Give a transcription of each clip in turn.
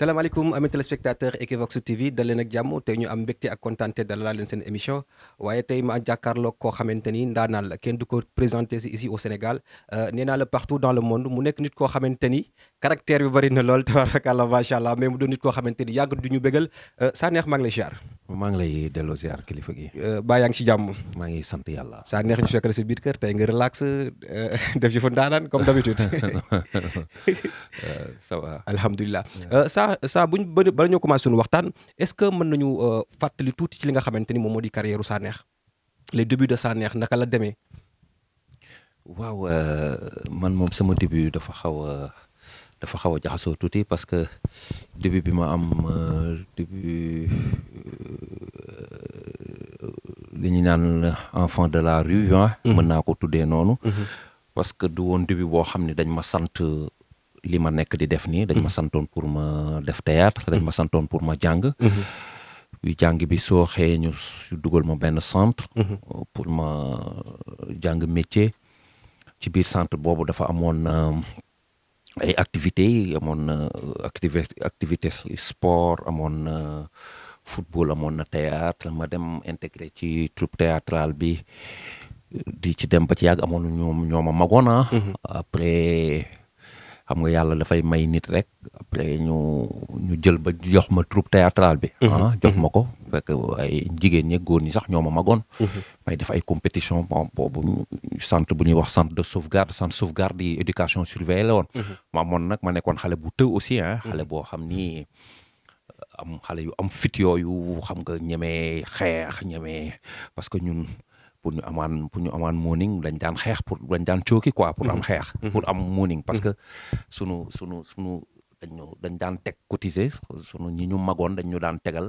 salaamaaleykum amis téléspectateurs Equivox TV dal leen ak jàmm tey ñu am mbégte ak kontaante dalal leen seen émission waaye tey ma jàkkaarloo koo xamante ni ndaanaan la kenn du ko présenté si ici au Sénégal euh, nee naa la partout dans le monde mu nekk nit koo xamante ni caractère bi bëri na lool tabarakallah macha allah mais mu doon nit ko xamante ni yàgg du ñu bégal euh, saa neex maa ngi maa ngi lay delloo ziar kilifa gi. Euh, baa yaa ngi ci jàmm. maa ngi sant yàlla. saa neex ñu fekk la sa biir kër tey nga relax euh, def ci fa ndaanaan comme d'habitude. Euh, ça va. alhamdulilah saa saa buñ bala ñoo commencé suñu waxtaan est-ce que mën nañu fàttali tuuti ci li nga xamante ni moom moo di carrière saa neex les début de saa neex naka la demee. waaw man moom sama début dafa xaw a dafa xaw a jaxasoo tuuti parce que début bi ma am euh, début euh, li ñu naan enfant de la rue ah. mën naa ko tuddee noonu. Mhm. parce que du woon début boo xam ne dañ ma sant euh, lii ma nekk di def nii. dañ ma mhm. santoon pour ma def théâtre dañ ma santoon pour ma jàng. yu jàng bi soo xëyee ñu dugal ma benn centre. pour ma jàng métier. ci biir sant boobu dafa amoon activité activités amoon na euh, activité activité sport amoon na football amoon na théâtre ma dem intégré ci troupe théâtrale bi di ci dem ba ci yàgg amoon ñoom ñooma magoona ah. mm-hmm. après xam nga yàlla dafay may nit rek après ñu ñu jël ba jox ma troupe théâtrale bi. Mhm. ah jox ma mhm. ko fekk ay jigéen ñi góor ñi sax ñoo ma magoon. Mhm. may def ay compétition bon boobu centre bu ñuy wax centre de sauvegarde centre sauvegarde yi éducation surveillée la woon. ma amoon nag ma nekkoon xale bu tëw aussi ah. xale boo xam ni. am xale yu am fit yooyu xam nga ñemee xeex ñeme parce que ñun pour ñu amaan pour ñu amaan morning dañ daan xeex pour dañ daan cooki quoi pour am mhm. xeex mhm. pour am morning parce mhm. que sunu sunu sunu dañu dañ daan teg cotiser sunu ñi ñu magoon dañ ñu daan tegal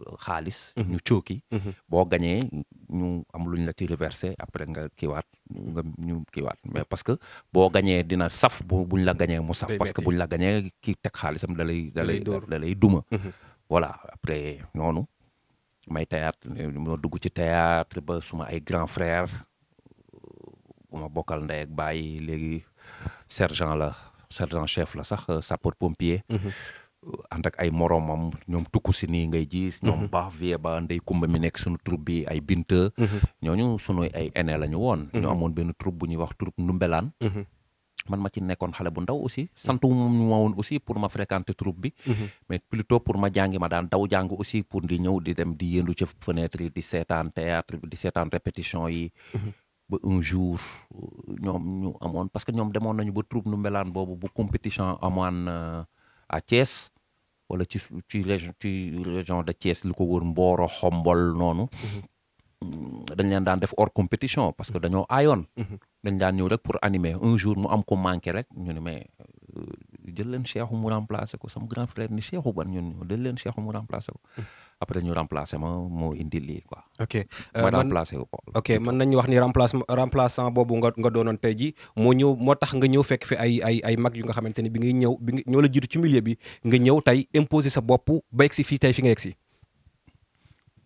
euh, xaalis ñu cooki boo gañee ñu am luñ la ci reverser après nga kiiwaat nga ñu kiiwaat mais parce que boo gañee dina saf bu buñ la gañee mu sax parce que buñ la gañee ki teg xaalisam da da lay da lay duma voilà après noonu may théâtre eh, ma dugg ci théâtre ba suma ay grand frère bu ma bokkal ndey ak bàyyi léegi sergent la sergent chef la sax euh, sapeur pompier mhm. ànd ak ay moromam ñoom tukku si ni ngay gis. Mhm. ñoom baax vie ba ndey kumba mi nekk suñu troupe bi ay binte mhm. ñu sunuy ay aîné la ñu woon ñoo amoon benn troupe bu ñuy wax troupe Ndumbelaan man ma ci nekkoon xale bu ndaw aussi mm-hmm. sant ma woon aussi pour ma fréquenter troupe bi mm-hmm. mais plutôt pour ma jàngi ma daan daw jàng aussi pour di ñëw di dem di yëndu ci fenêtre yi di seetaan théâtre bi di seetaan répétition yi mm-hmm. ba un jour euh, ñoom ñu amoon parce que ñoom demoon nañu ba troupe nu mbelaan boobu bu compétition amoon a euh, Thiès wala ci ci région ci région de Thiès lu ko woor Mboro Xombol noonu dañ leen daan def or compétition parce que dañoo ayoon dañ daan ñëw rek pour animer un jour mu am ko manqué rek ñu ne mais euh, jël leen Cheikhou mu remplacer ko sam grand frère ni Cheikhou ban ñun leen Cheikhou mu remplacer ko. après ñu remplacer ma moo indi lii quoi. ok euh, ma remplacer ko. ok mën nañu wax ni remplacement remplaçant boobu nga nga doonoon tey jii moo ñëw moo tax nga ñëw fekk fi ay ay ay mag yu nga xamante ni bi ngay ñëw bi ñoo la jiitu ci milieu bi nga ñëw tey imposer sa bopp ba egg si fii tey fi nga egg si.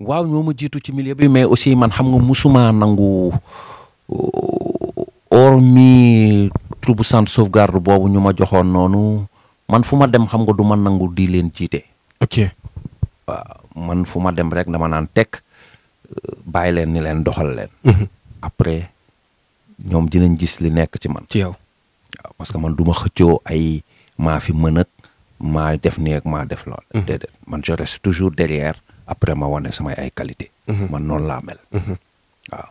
waaw ñoo ma jiitu ci milieu bi mais aussi man xam nga musuma nangu euh, hormis troupe sant centre sauvegarde boobu ñu ma joxoon noonu man fu ma dem xam nga du ma nangu di leen jiite. ok waaw man fu ma dem rek dama naan tekk euh, bàyyi leen ni leen doxal leen. Mhm. après ñoom dinañ gis li nekk ci man. ci yow parce que man duma xëcco ay maa fi mën ak maa def nii ak maa def lool. Mhm. déedéet man je reste toujours derrière. après ma wane samay ay qualité mhm. man noonu laa mel mhm. waaw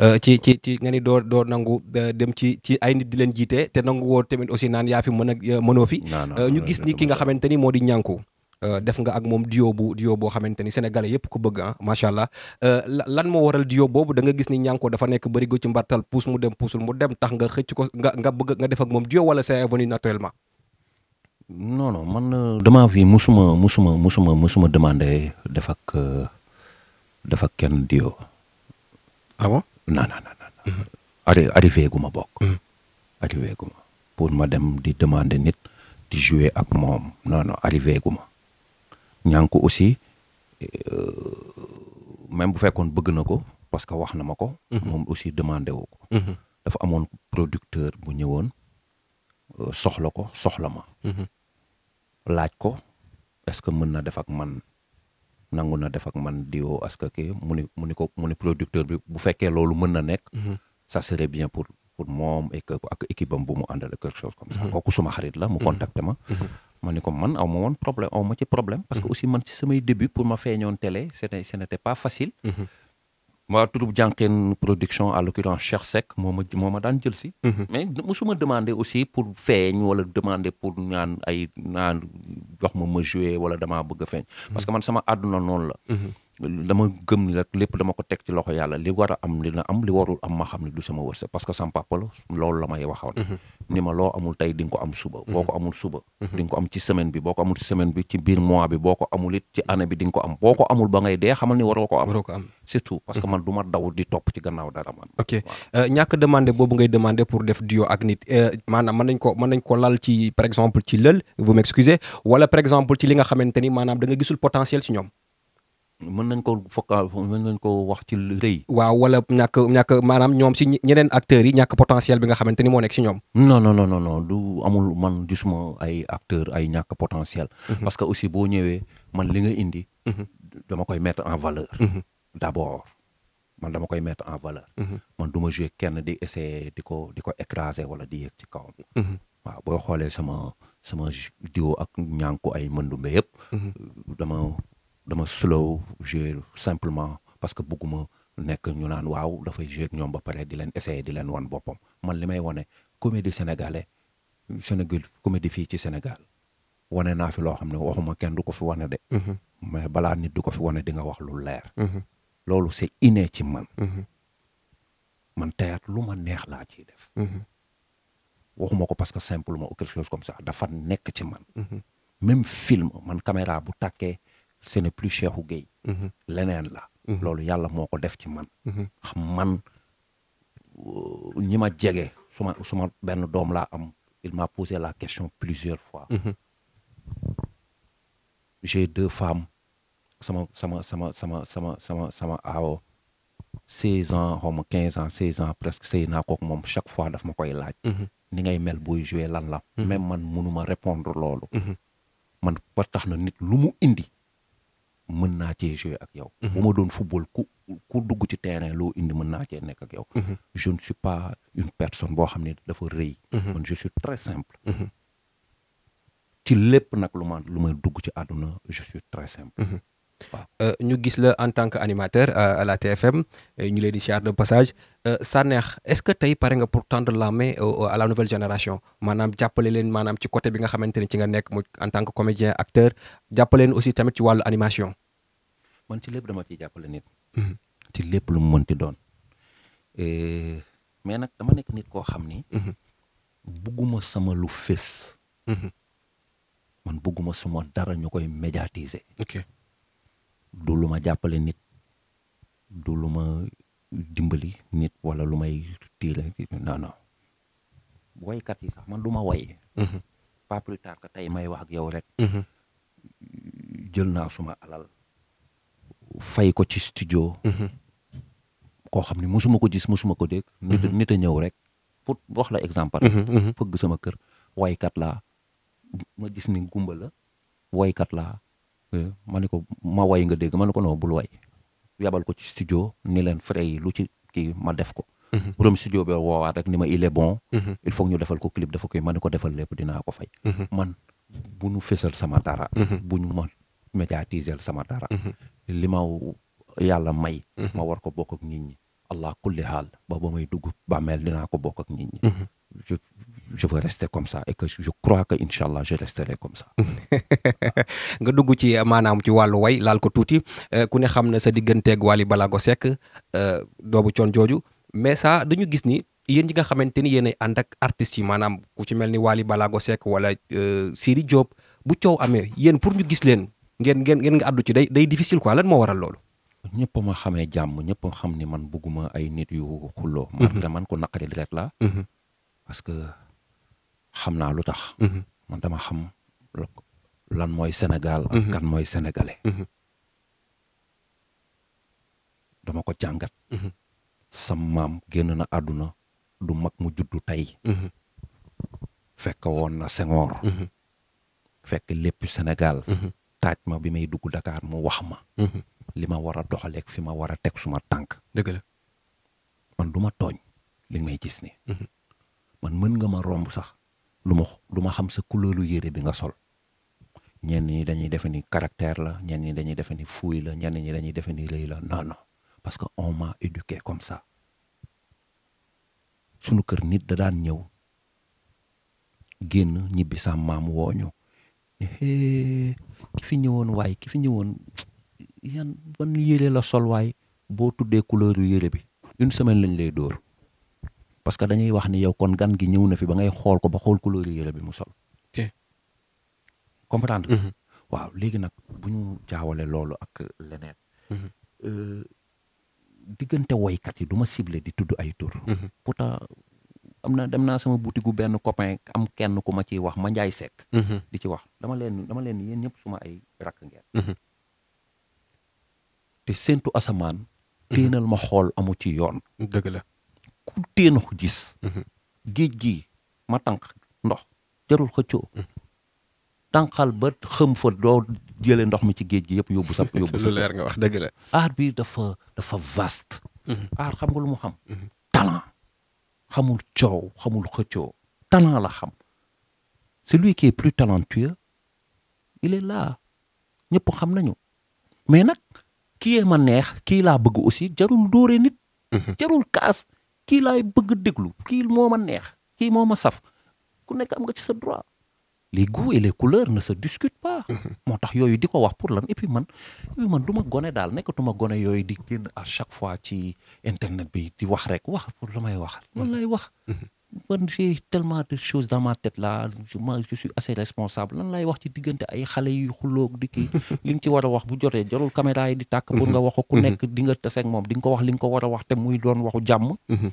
euh, ci ci ci nga ni doo doo nangu euh, dem ci ci ay nit di leen jiite te nangu woo tamit aussi naan yaa fi mën a euh, mënoo fi ñu gis ni ki nga xamante ni moo di ñànku def nga ak moom duo bu duo boo xamante ni sénégalais yëpp ko bëgg ah macha allah lan moo waral duo boobu da gis ni ñànkoo dafa nekk bërigo ci mbartal puus mu dem puusul mu dem tax nga xëcc ko nga nga bëgg nga def ak moom duo wala c'est venu naturellement non non man euh, dama fi musuma musuma musuma musuma demandé def ak euh, def kenn di ah bon non non non. arri arrivé ma bokk. Mm-hmm. arrivé gu pour ma dem di demander nit di jouer ak moom non non arrivé gu ma. ñànku aussi euh, même bu fekkoon bëgg na ko parce que wax na ma ko. Mm-hmm. moom aussi demandé wu ko. Mm-hmm. dafa amoon producteur bu ñëwoon. soxla ko soxla ma. Mhm. laaj ko est-ce mën na def man nangu na def ak man diwo est-ce que kii mu ni mu ni ko mu ni producteur bi bu fekkee loolu mën na nekk. sa mhm. serait bien pour pour moom et que ak équipe bu mu àndal quelque chose comme ça. Mhm. kooku suma xarit la mu contacté ma. ma ni ko man aw ma woon problème aw ma ci problème. parce que aussi man ci samay début pour ma feeñoon télé ce n'était pas facile. waa turub jànqeen production à l'occurrence Cheikh moo ma moo ma daan jël si. Mhm. mais musuma demander aussi pour feeñ wala demander pour ñaan ay naan wax ma ma jouer wala damaa bëgg a feeñ. parce mhm. que man sama àdduna noonu la. Mhm. dama gëm ni rek lépp dama ko teg ci loxo yàlla li war am dina am li warul am ma xam ne du sama wërsëg parce que sama papa la loolu la may waxoon mhm. ni ma loo amul tey di nga ko am suba mhm. boo ko amul suba mhm. di ko am ci semaine bi boo ko amul ci semaine bi ci biir mois bi boo ko amul it ci année bi di am boo ko amul ba ngay dee xamal ni waroo ko am surtout parce que man du ma daw di topp ci gannaaw dara man ok euh, ñàkk boobu ngay demandé pour def duo ak nit euh, maanaam mën nañ ko mën nañ ko lal ci par exemple ci lël wala par exemple ci li nga xamante ni maanaam da gisul potentiel ci ñoom mën nañ ko focal mën nañ ko wax ci rëy. waaw wala ñàkk ñàkk maanaam ñoom si ñeneen acteurs yi ñàkk potentiel bi nga xamante ni moo nekk si ñoom. non non non non du amul man gisuma ay acteurs ay ñàkk potentiel. Mhm. parce que aussi boo ñëwee man li nga indi. Mhm. dama koy mettre en valeur. Mhm. d' abord man dama koy mettre en valeur. man du jouer kenn di essayer di ko di ko écraser wala di yegg ci kawam. waaw boo xoolee sama sama duo ak ñànku ay mëndumbe yëpp. dama dama slow jouer simplement parce que bëgguma nekk ñu naan waaw dafay jouer ñoom ba pare di leen essayer di leen wan boppam man li may wane comédie sénégalais Sénégal comédie fii ci Sénégal wane naa fi loo xam ne waxuma kenn du ko fi wane de. Mhm. mais balaa nit du ko fi wane di nga wax lu leer. Mhm. loolu c'est inné ci man. Mhm. man théâtre lu ma neex laa ci def. waxuma ko parce que simplement ou quelque chose comme sax dafa nekk ci man. même film man caméra bu takkee ce n'est plus Cheikhou Gueye mhm. leneen la mhm. loolu yàlla moo ko def ci man mhm. xam man euh, ñi ma jege suma suma benn doom laa am il m'a posé la question plusieurs fois j'ai deux femmes sama sama sama sama sama sama sama aawo seize ans xaw ma quinze ans seize ans presque sëy naa kook moom chaque fois daf ma koy laaj ni ngay mel booy joué lan la même man mënuma répondre loolu man ba na nit lu indi mën naa cee jouer ak yow. Mhm. bu ma doon football ku ku dugg ci terrain loo indi mën naa cee nekk ak yow. Mhm. je ne suis pas une personne boo xam ne dafa rëy. man mhm. je suis très simple. ci lépp nag lu ma lu may dugg ci àdduna je suis très simple. Euh, ñu gis la en tant que animateur euh, à la TFM euh, ñu leen di char de passage Sanekh est-ce que tey pare nga pour tendre la main à la nouvelle génération maanaam jàppale leen maanaam ci côté bi nga xamante ne ci nga nekk mu en tant que comédien acteur jàppale aussi tamit ci wàllu animation. man ci lépp dama ciy jàppale nit. Mm-hmm. ci lépp lu mu mënti doon. mais nag dama nekk nit koo xam ni. Mm-hmm. bugguma sama lu fés. Mm-hmm. man bugguma suma dara ñu koy médiatiser. du lu ma jàppale nit du lu ma dimbali nit wala lu may tiile non non woykat yi sax man du ma woy mm-hmm. pas plus tey may wax ak yow rek mm-hmm. jël naa suma alal fay ko ci studio mm-hmm. koo xam ne mosuma ko gis mosuma ko dégg nit nit a ñëw rek pour wax la exemple fëgg sama kër woykat laa ma gis ni gumba la woykat laa Euh, ma ne ko ma way nga dégg ma ne ko non bul way yabal ko ci studio ni leen frais yi lu ci kii ma def ko. Mhm. borom studio bi woowaat rek ni ma il est bon. Mhm. il faut ñu defal ko clip dafa koy ma ne ko defal lépp dinaa ko fay. Mhm. man bu ñu fësal sama dara. bu ñu ma médiatiser sama dara. li ma yàlla may. ma war ko bokk ak ñi. allah kulli haal ba ba may dugg bàmmeel dinaa ko bokk ak nit ñi. Mhm. je je rester comme sax et que crois que incha allah je resterai comme ça. nga dugg ci maanaam ci wàllu way laal ko tuuti euh, ku ne xam ne sa digganteeg Wally Balago Seck euh, doobu coon jooju mais ça dañu gis ni yéen ñi nga xamante ni yéen ay ànd ak artistes yi maanaam ku ci mel ni Wally Balago Seck wala euh, Siri Diop bu coow amee yéen pour ñu gis leen ngeen ngeen ngeen nga àddu ci day day difficile quoi lan moo waral loolu. ñëpp ma xamee jàmm ñëpp xam ni man bëgguma ay nit yu xulloo. Mhm. man man ko naqari deret la mhm. parce que xam naa lu tax. Mhm. man dama xam lan mooy Sénégal. ak kan mooy sénégalais. dama ko jàngat. sam maam génn na àdduna du mag mu juddu tey. fekk woon na Senghor. fekk lépp Sénégal. taaj ma bi may dugg Dakar mu wax ma. li ma war a doxaleeg fi ma war a teg suma tànk. dëgg la man du ma tooñ li may gis ni mhm. man mën nga ma romb sax lu ma ma xam sa couleuru yére bi nga sol. ñenn ñi dañuy defe ni caractère la ñenn ñi dañuy defe ni fuuy la ñenn ñi dañuy defe ni rëy la non parce que on m'a éduqué comme sax sunu kër nit da daan ñëw génn ñibbi sax maam wooñu ne eh, eh, ki fi ñëwoon waaye ki fi ñëwoon yan ban yére la sol waay boo tuddee couleur yére bi une semaine lañ lay dóor parce que dañuy wax ni yow kon gan gi ñëw na fi ba ngay xool ko ba xool couleur yére bi mu sol. ok comprendre mm-hmm. waaw léegi nag bu ñu jaawale loolu ak leneen. Mm-hmm. Euh, diggante woykat yi du ma di tudd ay tur. Mm-hmm. pourtant am na dem naa sama boutique gu benn copain am kenn ku ma ciy wax ma njaay sekk. di ci wax dama leen dama leen yéen ñëpp suma ay rakk ngeen. te séentu asamaan. Mhm. téenal ma xool amu ci yoon. dëgg la ku téen ko gis. Mhm. géej gi ma tànq ndox jarul xëccoo. Mhm. tànqal ba xëm fa doo jëlee ndox mi ci géej gi yëpp yóbbu sa yóbbu sa. lu leer nga wax dëgg la. aar bi dafa dafa vaste. aar xam nga lu mu xam. talent xamul coow xamul xëccoo. talent la xam. celui qui est plus talentueux il est là ñëpp xam nañu mais nag. kii ma neex kii laa bëgg aussi jarul dóore nit. Mhm. jarul kaas kii laay bëgg déglu kii moo ma neex kii moo ma saf ku nekk am nga ci sa droit. les goûts et les couleurs sa se discutent mhm. moo tax yooyu di ko wax pour lan et man et puis man du ma gone daal nekkatuma gone yooyu di génn à chaque fois ci internet bi di wax rek wax pour la may wax. loolu lay wax. Mhm. j'ai tellement de choses dans ma tête là ma je suis assez responsable lan lay wax ci diggante ay xale yu xuloog di kii li nga ci war a wax bu jotee jarul caméra yi di takk pour nga mhm. wax ku nekk mhm. di nga tase ak moom di nga ko wax li nga ko war a wax te muy doon waxu jàmm mhm.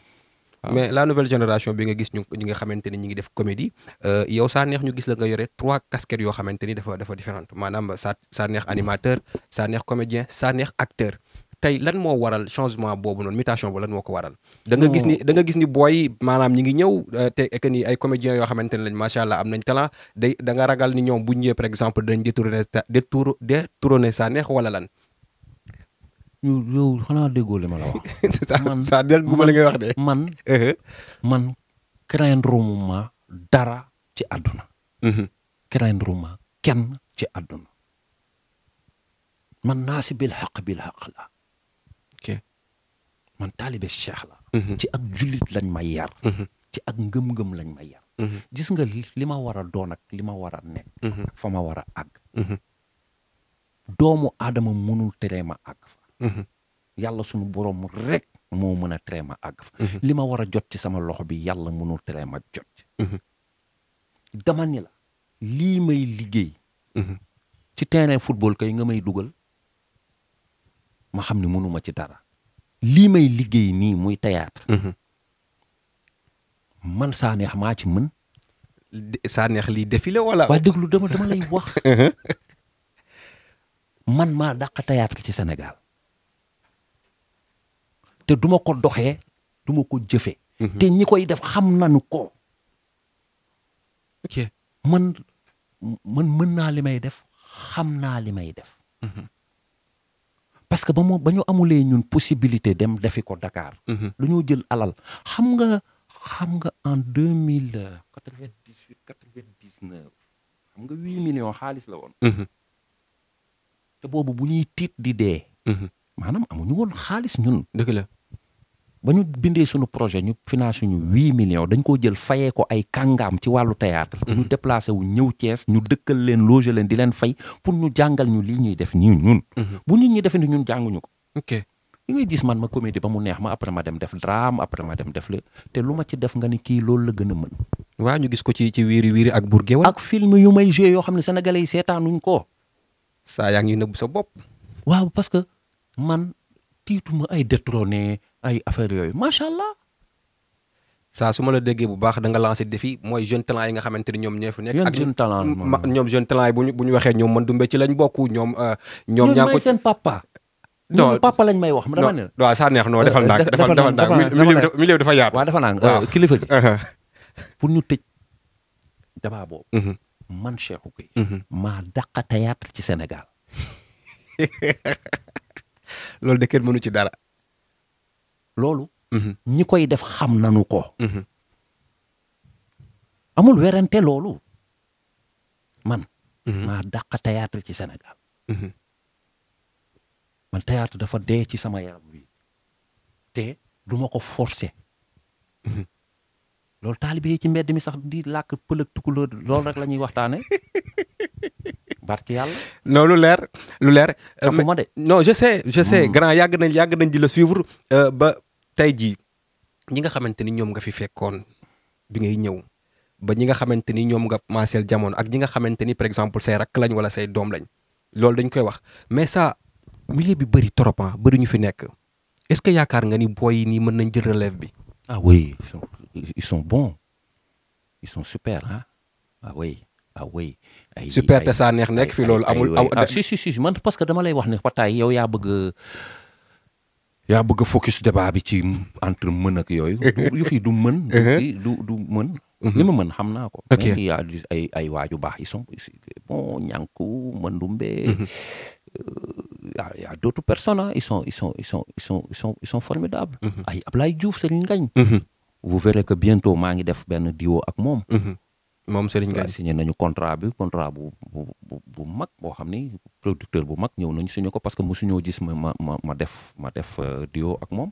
mais la nouvelle génération bi nga gis ñu ñi nga xamante ni ñi ngi def comédie euh, yow saa neex ñu gis la nga yore trois casquettes yoo xamante ni dafa dafa différente maanaam saa saa neex animateur saa neex comédien saa acteur tey lan moo waral changement boobu noonu mitation boobu lan moo ko waral. danga gis ni da nga gis ni booy maanaam ñi ngi ñëw euh, te ek ni ay comédiens yoo xamante ne lañ macha allah am nañ talent danga ragal ni ñoom bu ñëwee par exemple dañ détourné détour détourné sa neex wala lan. yow yow xanaa déggoo li ma la wax. man saa dégguma la ngay wax de. man man uh-huh. craindre ma dara ci àdduna. Mm-hmm. craindre ma kenn ci àdduna. man naasi bil xaq bil xaq la man taalibe cheikh mhm. ci ak jullit lañ ma yar mhm. ci ak ngëm-ngëm lañ ma yar mhm. gis nga li ma war a li ma war a nekk fa ma war a àgg doomu aadama mënul teree ma àgg fa moo mën a teree ma li ma war a jot ci sama loxo bi yàlla mënul teree ma jot ci dama ni la lii may liggéey ci terrain football kay nga may dugal ma xam ne mënuma ci dara lii may liggéey nii muy théâtre mhm. man saa maa ci mën saa neex lii défilé waa waaye déglu dama dama lay wax mhm. man maa dàq théâtre ci Sénégal te duma ko doxe duma ko jëfe mhm. te ñi koy def xam nañu ko ok man mën naa li may def xam naa li may def parce que ba mu ba ñu amulee ñun possibilité dem defi ko Dakar. lu mhm. ñu jël alal xam nga xam nga en deux mille euh, quatre vingt dix huit quatre vingt dix neuf xam nga huit millions xaalis la woon. Mhm. te boobu bu ñuy tiit di dee. Mhm. maanaam amuñu woon xaalis ñun. la ba ñu bindee suñu projet ñu finance ñu huit millions dañ koo jël fayee ko ay kàngaam ci wàllu théâtre mhm. ñu déplacé wu ñëw Thiès ñu dëkkal leen loger leen di leen fay pour ñu jàngal ñu lii ñuy def ñii ñun mhm. bu nit ñi defee ni ñun jànguñu ko ok ngay gis man ma comédie ba mu neex ma après ma dem def drame après ma dem def la te lu ma ci def nga ni kii loolu la gën a mën waaw ñu gis ko ci ci wiiri wiiri ak Bourguéwal ak film yu may joué yoo xam ne sénégalais yi seetaanuñ ko saa yaa ngi nëbb sa bopp waaw parce que man tiituma ay détrôné ay affaire yooyu macha allah. saa su ma la déggee bu baax da nga lancé défi mooy jeune talent yi nga xamante ni ñoom ñoo fi nekk. ak jeune talent ñoom jeune talent yi bu ñu waxee ñoom man dumbe ci lañ bokk ñoom. Euh, ñoom ñaa ngi ko seen papa. non papa lañ may wax dama ne. waaw saa neex noo defal ndànk defal defal ndànk milieu dafa yaatu. waaw dafa naan euh, kilifa gi. Uh-huh. pour ñu tëj dabaa boobu. Mm-hmm. man Cheikhou Gueye. Mm-hmm. maa dàqa théâtre ci Sénégal. loolu de kenn mënu ci dara. loolu. Mhm. ñi koy def xam nañu ko. Mhm. amul werante loolu man. Mhm. maa dàq théâtre ci Sénégal. man théâtre dafa dee ci sama yaram wi te du ma ko forcer. loolu taalibe yi ci mbedd mi sax di làkk pël ak loolu rek la ñuy waxtaanee. barki yàlla. non lu leer lu leer. ma de non je sais je sais hmm. grand yàgg nañ yàgg nañ di la suivre euh, tey jii ñi nga xamante ni ñoom nga fi fekkoon bi ngay ñëw ba ñi nga xamante ni ñoom nga maaseel jamono ak ñi nga xamante ni par exemple say rakk lañ wala say doom lañ loolu dañ koy wax mais ça milieu bi bëri trop ah bëri ñu fi nekk est-ce que yaakaar nga ni booy yi nii mën nañ jël relève bi. a ah oui ils sont ils sont super ah ah oui ah oui. fi loolu amul. ah si man parce que dama lay wax ne Fataay yow yaa bëgg. yaa bëgg a focus débat bi ci entre mën ak yooyu. yu fi du mën. Uh-huh. du du mën. Uh-huh. li ma mën xam naa ko. ok y ay ay waaju baax ils sont bon ñànku Mandumbe. Uh-huh. Euh, y a d'autres personnes ils sont ils sont ils sont ils sont ils sont ils sont ay Ablaye Diouf Serigne Ngagne. vous verrez que bientôt maa ngi def benn duo ak moom. moom Serigne Ngagne signé nañu contrat bi contrat bu bu bu mag boo xam ni producteur bu mag ñëw nañu suñu ko parce que mosuñoo gis ma ma ma ma def ma def euh, duo ak moom.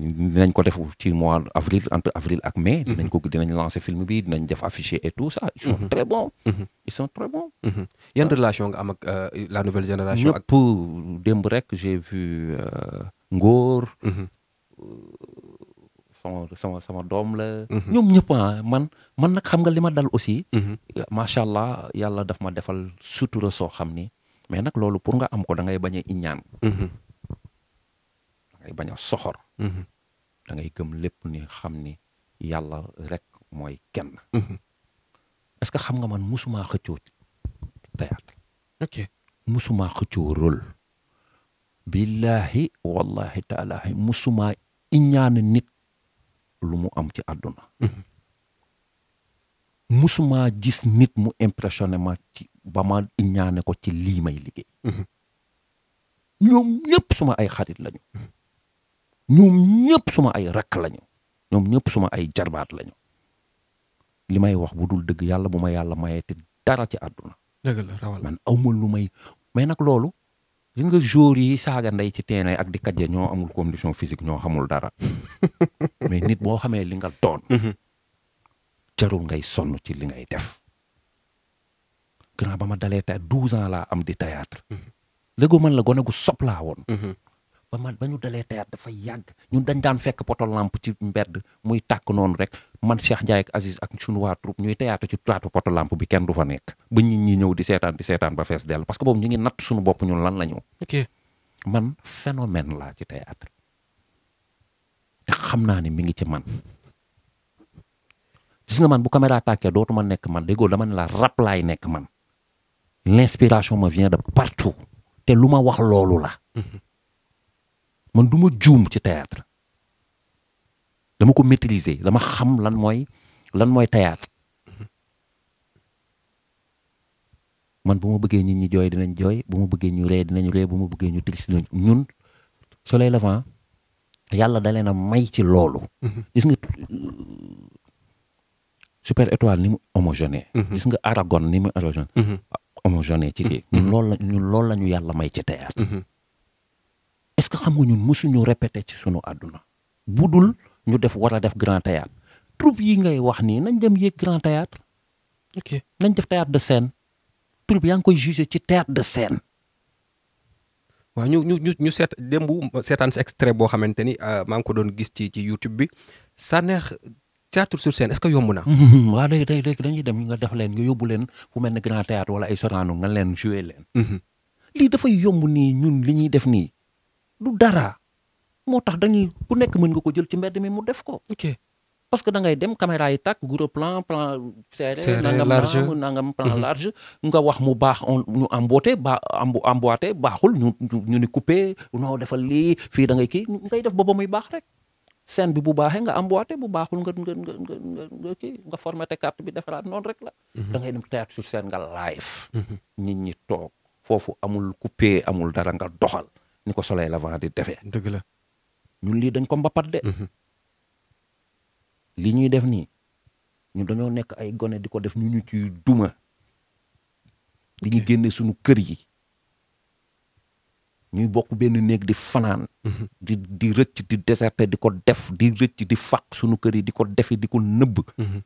Mhm. dinañ ko def ci mois avril entre avril ak mais mhm. dinañ ko dinañ lancer film dinañ def affiché et tout ça. ils sont mhm. très bons. ils sont très bons. yan relation nga am ak euh, la nouvelle génération. ak ñëpp démb rek j'ai vu euh, Ngor. sama sama sama doom la. Mhm. ñoom ñëpp ah, man man nag xam nga li ma dal aussi. Mhm. macha allah yàlla daf ma defal sutura soo xam ni mais nag loolu pour nga am ko dangay ngay a iñaan. Mhm. da ngay bañ a soxor. da ngay gëm ni xam ni yàlla rek mooy kenn. est-ce que xam nga man musuma xëccoo théâtre. ok xëccoo rôle. billahi wallahi taalahi musuma iñaan nit lu mu am ci àdduna mhm. musuma gis nit mu impressionné ma ci ba ma ñaane ko ci lii may liggéey mhm. ñoom ñëpp suma ay xarit lañu mhm. ñoom ñëpp suma ay rakk lañu ñëpp suma ay jarbaat lañu li may wax bu dul dëgg yàlla bu ma yàlla mayee te dara ci àdduna man awma lu may mais nag loolu gis nga joueurs yi saaga ndey ci terrain ak di kajje ñoo amul condition physique ñoo xamul dara mais nit boo xamee li nga doon. Mhm. jarul ngay sonn ci li ngay def. grand ba ma dalee te douze ans laa am di théâtre mhm. léegi man la gone gu sopp laa woon. Mhm. ba man ba ñu dalee teer dafa yàgg ñu dañ daan fekk poto lampe ci mbedd muy tàkk noonu rek man Cheikh Ndiaye ak Aziz ak sunu waa troupe ñuy teyaatu ci taatu poto lampe bi kenn du fa nekk ba nit ñi ñëw di seetaan di seetaan ba fees dell parce que boobu ñu ngi natt suñu bopp ñun lan la man phénomène laa ci théâtre te xam naa ni mi ngi ci man gis nga man bu caméra tàkkee dootuma nekk man déggoo dama ne la rap laay nekk man l'inspiration ma vient de partout te lu ma wax loolu la. Mhm. man du ma juum ci théâtre dama ko maîtriser dama xam lan mooy lan mooy théâtre man bu ma bëggee nit ñi jooy dinañ jooy bu ma bëggee ñu ree dinañ ree bu ma bëggee ñu triste dinañ ñun soleil levant yàlla da na a may ci loolu. Mhm. gis nga super étoile ni mu homogéné. Mhm. gis nga aragon ni mu homogéné. Mhm. Ah, ci kii. ñun loolu la ñu yàlla may ci théâtre est-ce que xam nga ñun mësuñu répété ci sunu adduna bu dul ñu def war a def grand théâtre troupe yi ngay wax nii nañ dem yéeg grand théâtre ok nañ def théâtre de scène troupe yaa ngi koy jugé ci théâtre de scène waaw ñu ñu ñu ñu seet démb seetaan si extrait boo xamante ni euh, maa ngi ko doon gis ci ci YouTube bi Sanekh théâtre sur scène est-ce que yomb na. waaw léegi léegi léegi dañuy dem nga def leen nga yóbbu leen fu mel ne grand théâtre wala ay Sorano nga leen joué leen. Mhm. du dara moo tax dañuy ku nekk mën nga ko jël ci mbedd mi mu def ko. ok parce que da ngay dem caméra yi takk gros plan plan. serré large nangam plan mhm. large. nga wax mu baax ñu embooté ba embo emboîté baaxul ñu ñu ni coupé non defal lii fii da ngay kii ngay def booba muy baax rek. seen bi bu baaxee nga emboîté bu baaxul nga nga nga nga nga kii nga formaté carte bi defaraat noonu rek la. Mhm. da ngay dem théâtre sur scène nga live. Mhm. nit ñi toog foofu amul coupé amul dara nga doxal. ni ko soleil levant di defee. dëgg la ñun lii dañ ko mbapat de. Mhm. li ñuy def nii ñu dañoo nekk ay gone di ko def ñu ñu ci duma di ñu génne suñu kër yi ñuy bokk benn néeg di fanaan mhm. di di rëcc di déserté di ko def di rëcc di fàq suñu kër yi di ko defi di ko nëbb mhm.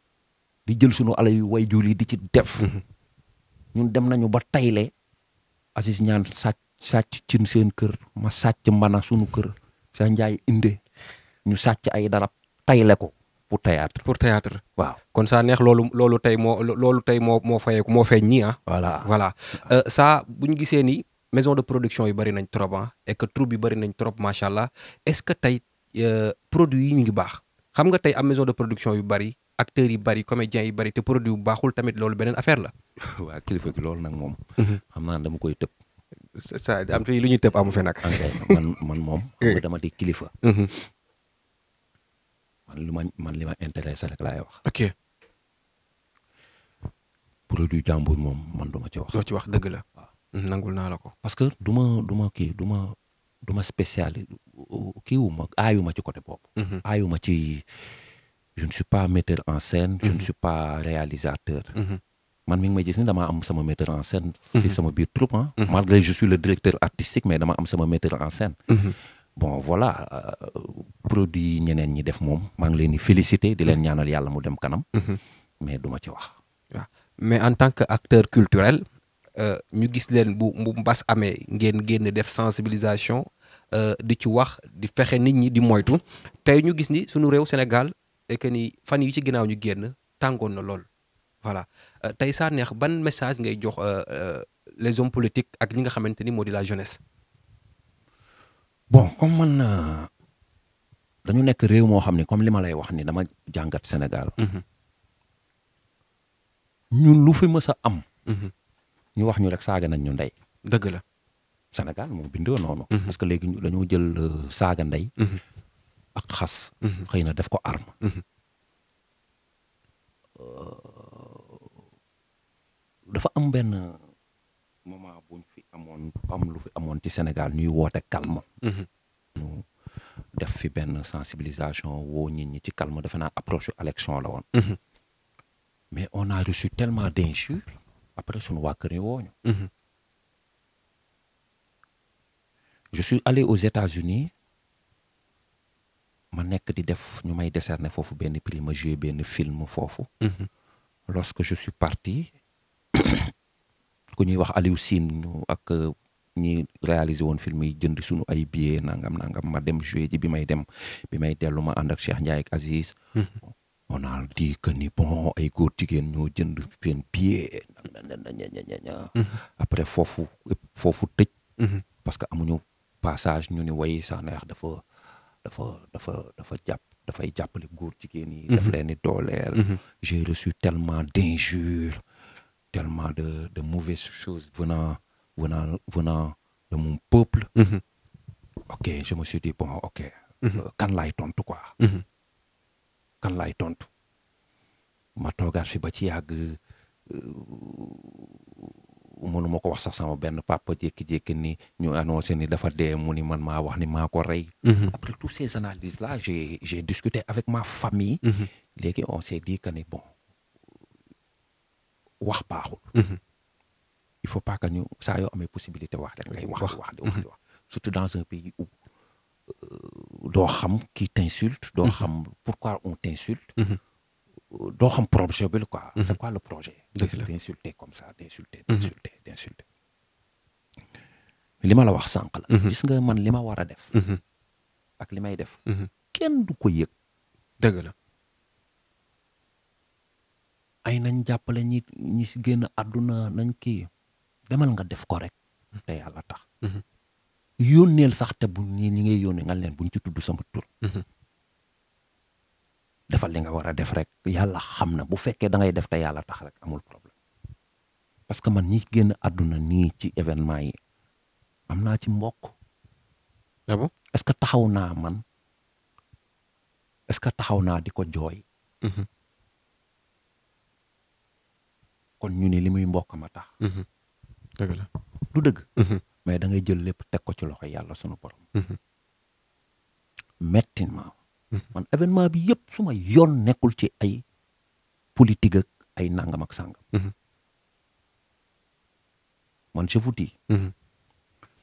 di jël suñu alal yu way jur yi di ci def ñun dem nañu ba tayle Aziz ñaan sàcc sàcc cin seen kër ma sàcc mbana sunu kër sa njaay inde ñu sàcc ay darab tayle ko pour théâtre pour théâtre waaw kon saa neex loolu loolu tey moo loolu tey moo moo fayeeku moo feeñ ñi ah voilà voilà saa euh, ñu gisee ni maison de production yi bari nañ trop ah et que troupe yi bëri nañ trop macha allah est-ce que tey euh, produit yi ñu ngi baax xam nga tey am maison de production yu bëri acteurs yi bëri comédiens yi bëri te produit bu baaxul tamit loolu beneen affaire la. waa kilifa gi loolu nag moom. Mhm. xam sa am fi lu ñuy tëb amu fi nag. man man moom. Eh. dama di kilifa. Mm-hmm. man lu ma man li ma intéressé rek wax. ok. produit jàmbur moom man du ma wax. doo ci wax dëgg la. Mm, nangul naa la ko. parce que du ma du ma kii du ma du ma spécialiste kii ma ci côté boobu. Mm-hmm. aayu ma ci je ne suis pas metteur en scène. je ne mm-hmm. suis pas réalisateur. man mi ngi may gis ni damaa am sama metteur en scène. Mhm. si sama biir troupe mhm. malgré je suis le directeur artistique mais dama am sama metteur en scène. Mhm. bon voilà euh, produit ñeneen ñi def moom maa ngi leen di féliciter di leen ñaanal yàlla mu dem kanam. mais duma ci wax. mais en tant que acteur culturel euh, ñu gis leen bu bu mbas amee ngeen génn def sensibilisation euh, di ci wax di fexe nit ñi di moytu tey ñu gis ni suñu réew Sénégal et que ni fan yi ci ginnaaw ñu génn tàngoon na lool. voilà euh, tey neex ban message ngay jox euh, euh, les hommes politiques ak li nga xamante ni moo di la jeunesse. bon comme man dañu nekk réew moo xam ne comme li ma lay wax ni dama jàngat Sénégal. Mhm. ñun lu fi mës a am. Mhm. ñu wax ñu rek saaga nañ ñu ndey. dëgg la. Sénégal moom bindoo noonu. Mhm. parce que léegi dañoo jël saaga ndey. ak xas. xëy na def ko arme. dafa am benn moment buñ fi amoon am lu fi amoon ci senegal ñuy woote calme. Mhm. def fi benn sensibilisation woo nit ñi ci calme defe approche élection la woon. Mhm. mais on a reçu tellement d'injures après suñu waa kër yi mhm. je suis allé aux États-Unis ma nekk di def ñu may décerner foofu benn prix ma benn film foofu. lorsque je suis parti ku ñuy wax Aliou Sine ak euh, ñi réalisé woon film yi jënd suñu ay billets nangam nangam ma dem joué bi may dem bi may dellu ma ànd ak Cheikh Ndiaye ak Aziz. Mm-hmm. on a dit ni bon ay góor jigéen ñoo jënd seen billet. Mm-hmm. après foofu tëj. Mm-hmm. parce que amuñu passage ñu ni way sax neex dafa dafa dafa jàpp dafay jàppale góor jigéen yi. daf leen di dooleel. j'ai reçu tellement d'injures tellement de, de mauvaises venant, venant, de mon peuple. Mm -hmm. Ok, je me suis bon, ok, kan mm-hmm. euh, lay tontu quoi. kan mm-hmm. lay tontu. ma toogaat fi ba ci yàgg euh, mënuma ko wax sax sama benn papa jékki-jékki ni ñu annoncé ni dafa dee mu ni man maa wax ni maa ko rey. Mm-hmm. après toutes ces analyses là j'ai j'ai avec ma famille. léegi on s'est dit que bon. wax baaxul. Mhm. il faut pas que ñu saa yoo amee possibilité wax rek ngay wax wax di mhm. wax di wax surtout dans un pays où euh, doo xam qui t'insulte doo mhm. xam pourquoi on t'insulte euh, doo xam projet bi quoi c'est quoi le projet d'insulter comme ça d'insulter d'insulter d'insulter li ma la wax sànq la nga man li ma war a def ak li may def kenn ko yëg ay nañ jàppale ñi ñi si génn àdduna nañ kii demal nga def ko rek mm-hmm. te yàlla tax mm-hmm. yónneel sax te bu ñi ñi ngay yónnee nga leen buñ ci tudd sama tur mm-hmm. defal li nga war a def rek yàlla xam na bu fekkee da ngay def te yàlla tax rek amul problème parce que man ñi génn àdduna nii ci événement yi am naa ci mbokk ah est-ce que taxaw naa man est-ce que taxaw naa di ko jooy kon ñu ni li muy mbokk ma tax. Mm-hmm. dëgg la du dëgg. Mm-hmm. mais da ngay jël lépp teg ko ci loxo yàlla sunu borom. Mm-hmm. metti ma man événement bi yëpp su ma yoon nekkul ci ay politique ak ay nangam ak sàngam. man je vous dis.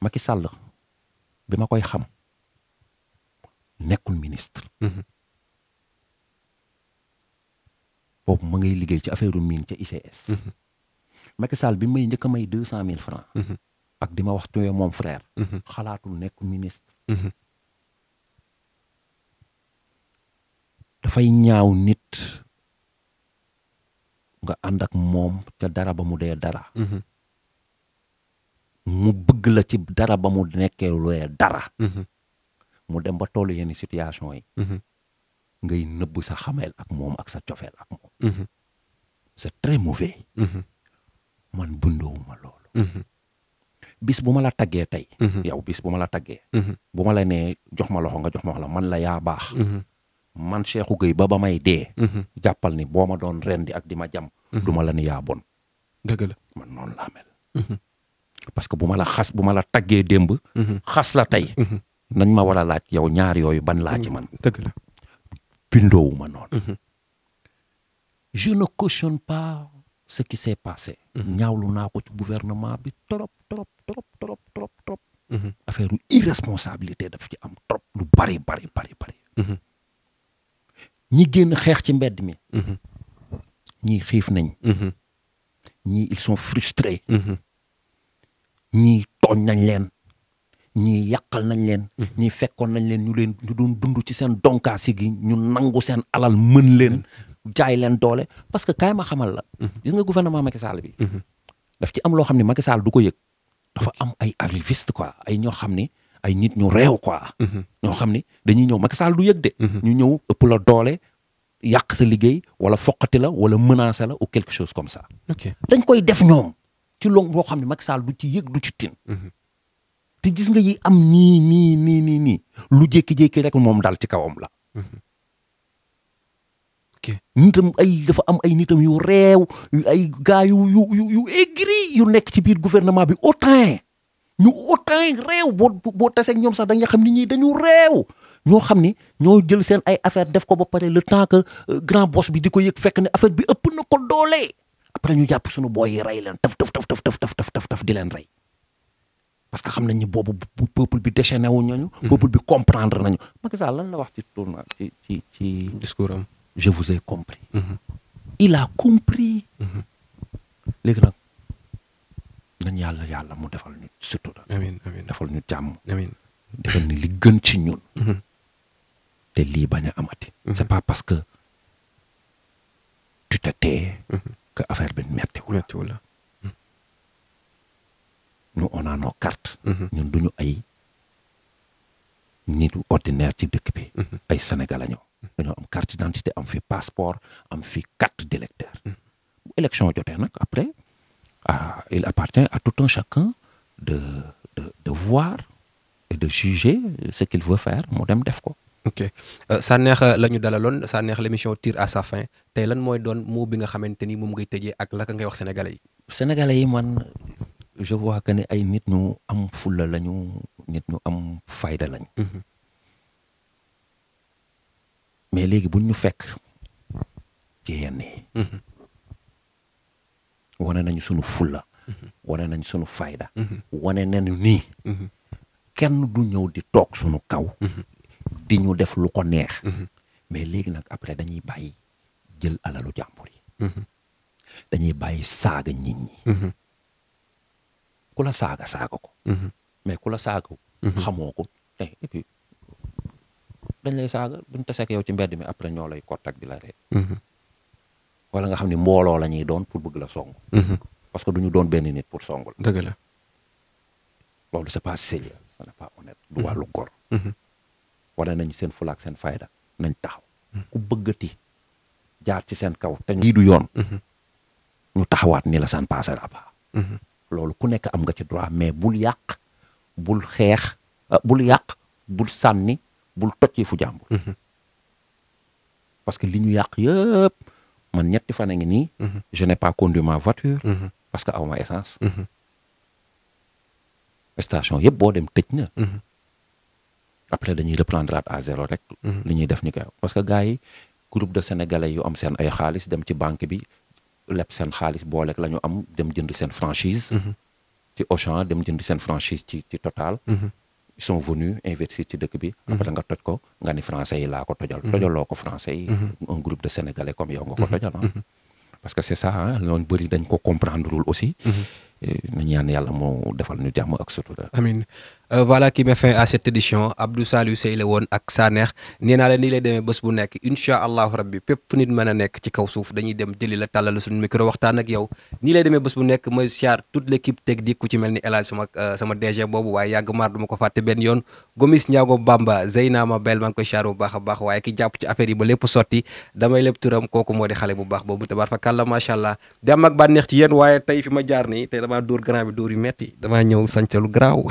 Macky bi ma koy xam nekkul ministre. boobu ma ngay liggéey ci affaire mine ca ICS. Mhm. Macky Sall bi may njëkk a may deux cent mille francs. Mhm. ak di ma wax tooyoo moom frère. Mhm. xalaatul nekku ministre. dafay ñaaw nit nga ànd ak moom ca dara ba mu dee dara. mu bëgg la ci dara ba mu nekkee looyee dara. mu dem ba tollu yenn situation yi. ngay nëbb sa xameel ak moom ak sa cofeel ak moom mhm. c'est très mauvais mhm. man bundoowuma loolu mhm. bis bu ma la taggee tey yow bis bu ma la taggee bu ma la ne jox ma loxo nga jox ma la man la yaa baax man Cheikhou Gueye ba ba may dee jàppal ni boo ma doon rendi ak di ma jam duma la ni yaa bon dëgg la man noonu laa mel parce que bu ma la xas bu ma la taggee demb xas la tey nañ ma war a laaj yow ñaar yooyu ban laa ci man dëgg bindoowuma noonu je ne cautionne pas ce qui s'est passé ñaawlu naa ko ci gouvernement bi trop trop trop trop trop trop affaire irresponsabilité daf ci am trop lu bari bari bari ñi génn xeex ci mbedd mi ñii xiif nañ ñii ils sont frustrés ñii tooñ leen ñii yàqal nañ leen mm-hmm. ñii fekkoon nañ leen ñu leen ñu doon dund ci seen donkaasi gi ñu nangu seen alal mën leen mm-hmm. jaay leen doole parce que kay ma xamal la mm-hmm. gis nga gouvernement Macky Sall bi daf ci am loo xam ne Macky Sall du ko yëg dafa am ay arriviste quoi ay ñoo xam ni ay nit ñu reew quoi ñoo xam ni dañuy ñëw Macky Sall du yëg de ñu ñëw ëpp la doole yàq sa liggéey wala foqati la wala menacer la ou quelque chose comme sa dañ koy def ñoom ci long boo xam ne Macky Sall du ci yëg du ci tin te gis nga yi am nii nii nii nii nii lu jékki-jékki rek moom daal ci kawam la. nitam ay dafa am ay nitam yu réew yu ay gars yu yu yu yu yu nekk ci biir gouvernement bi autant ñu autant réew boo boo tasee ñoom sax dañuy xam ni ñii dañu réew. ñoo xam ni ñoo jël seen ay affaire def ko ba pare le temps que euh, grand bos bi di ko yëg fekk ne affaire bi ëpp na ko doole après ñu jàpp suñu booy yi rey leen taf taf taf taf taf taf taf di leen rey. parce que xam nañ ni boobu peuple bi déchaîné wu ñu mhm. peuple bi comprendre nañu. Macky Sall lan la wax ci tournoi ci ci ci. discours am je vous ai compris. Mhm. il a compris. Mhm. léegi nag nañ yàlla yàlla mu defal ñu surtout. amiin defal ñu jàmm. amiin defal ni li gën ci ñun. te lii bañ a amati. c'est pas parce que tu te tais. que affaire bi méttiwul la. nous on a mm-hmm. ñun duñu ay nitu ordinaire ci dëkk bi. Mm-hmm. ay sénégalais ñoo. dañoo am carte d'identité am fi passeport am fi carte d'électeur. Mm-hmm. bu élection jotee nag après ah il appartient à tout un chacun de de de voir et de juger ce qu'il veut faire mu dem def ko. ok Sanekh euh, euh, dalaloon ñu dalaloon Sanekh l'émission tire à sa fin tey lan mooy doon moo bi nga xamante ni moom ngay tëjee ak la ka ngay wax sénégalais yi. sénégalais yi man je vois que ne ay nit ñu am fulla lañu nit ñu am fayda lañ mhm. mais léegi buñ ñu fekk ci yenn yi mhm. wane nañ sunu fulla mhm. wane nañ sunu fayda wane nañu nii kenn du ñëw di toog sunu kaw di ñu def lu ko neex mais léegi nag après dañuy bàyyi jël alalu jàmbur yi dañuy bàyyi saaga nit ñi ku la saaga saaga ko. Mm-hmm. mais ku la saaga. Mm-hmm. xamoo ko tey eh, et puis dañ lay saaga buñ taseek yow ci mbedd mi après ñoo lay contact di la ree. Mm-hmm. wala nga xam ni mbooloo la doon pour bëgg la song. parce que du ñu doon benn nit pour song la. dëgg la loolu c'est pas sérieux ça n'est pas honnête. du wàllu góor. wane nañ seen fulaak seen fayda nañ taxaw. ku bëggati jaar ci seen kaw te lii yoon. ñu taxawaat ni la san passera pas. loolu ku nekk am nga ci droit mais bul yàq bul xeex euh, bul yàq bul sànni bul toj fu jàmbur. Mm-hmm. parce que li ñu yàq yëpp man ñetti fan a ngi nii. Mm-hmm. je n'ai pas conduit ma voiture. Mm-hmm. parce que awma ma essence. station yëpp boo dem tëj na. après dañuy reprendre à zéro rek. li ñuy def ni ko parce que gars yi groupe de sénégalais yu am seen ay xaalis dem ci banque bi leb seen xaalis booleeg la am dem jënd seen franchise. Mhm. ci Auchan dem jënd seen franchise ci ci Total. Mhm. ils sont venus ci dëkk bi. Mhm. après nga toj ko nga ni français yi laa ko tojal. français un groupe de sénégalais comme yow nga ko tojal ah. parce que c' ça ah loolu bëri dañ ko comprendrewul aussi. ñu ñaan yàlla moo defal ñu jàmm ak sutura. amiin euh, voilà qui met fin à cette édition Abdou Saliou Seye la woon ak Sanekh nee naa nii lay demee bés bu nekk incha allahu rabbi pépp nit mën nekk ci kaw suuf dañuy dem jëli la tàllal suñu micro waxtaan ak yow nii lay demee bés bu nekk mooy siyaar toute l' équipe technique ku ci mel ni El sama euh, sama boobu waaye yàgg maar du ko fàtte benn yoon Gomis Ndiago Bamba Zeyna ma bel maa koy siyaar bu baax a ba lépp bu ma jaar damaa dóor grand bi dóor yu metti damaa ñëw sañcalu garaaw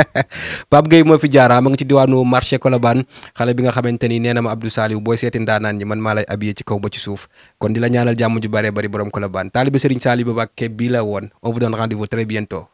Pape Gueye moo fi jaaraa ma nga ci diwaanu marché Colobane xale bi nga xamante ni nee na ma Abdou Saliou booy seeti ndaanaan ñi man maa lay habillé ci kaw ba ci suuf kon di la ñaanal jàmm ju bëree bëri borom Colobane taalibe Serigne Saliou Babacké bii la woon on vous donne rendez-vous très bientôt